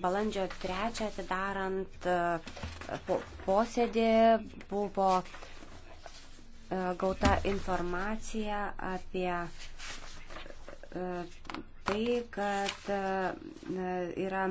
balandžio 3 atidarant e, posėdį buvo e, gauta informacija apie e, tai, kad yra